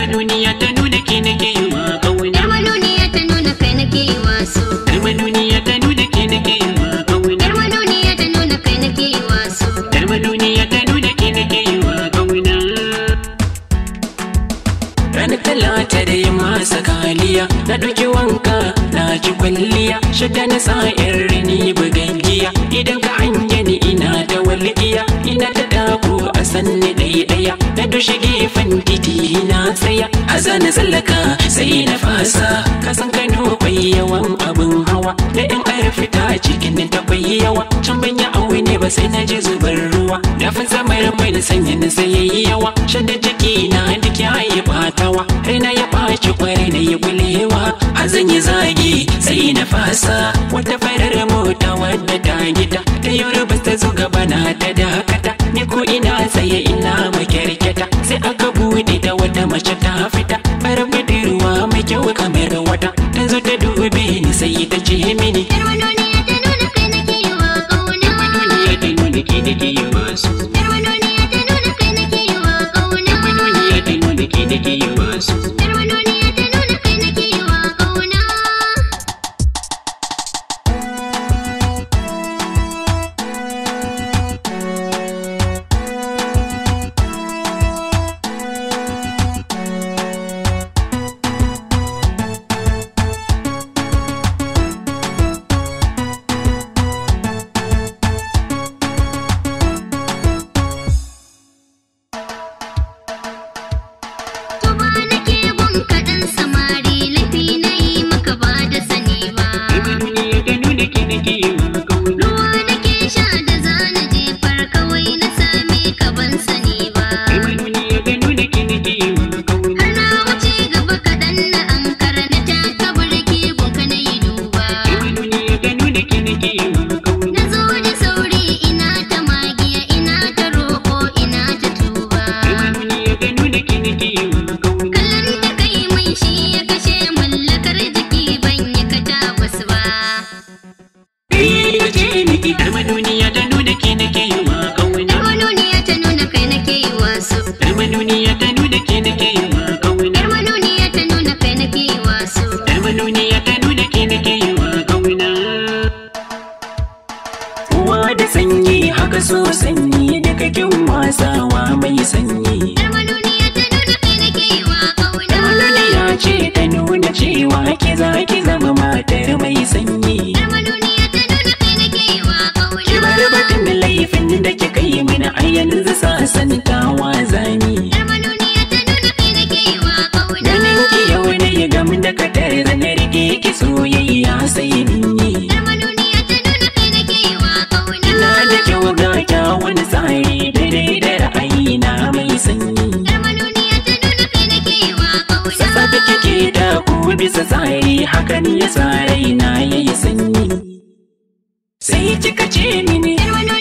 Darmanuniya ta nuna yi wa ta nuna kai nake yi wa so. ta ta nuna kai nake yi wa so. ta nuna ke nake sakaliya na ɗauki wanka na ji kwalliya shadda na sa rini bugai. sanni ɗaya ɗaya na dushe gefen didi na tsaya a zane tsallaka sai na fasa kasan kano kwai yawan abin hawa da yan arfita cikin ta kwai yawa can ban ya aure ne ba sai na je zubar ruwa da fi zamar mai na sanya na yi yawa shadda jiki na duk ya yi batawa na ya ɓaci kwarai na yi gulewa zan yi zagi sai na fasa wata farar mota wadda ta gida ta yi rubuta zuga ni sai ita ce mini yar wani ta nuna kai na yi wa kauna ta nuna ke nake yi masu yar nuna kai kauna nuna nake da sanyi haka so sanyi da kakin wasawa mai sanyi bisa tsari hakan ya sa na yayi sanyi sai kika ce mini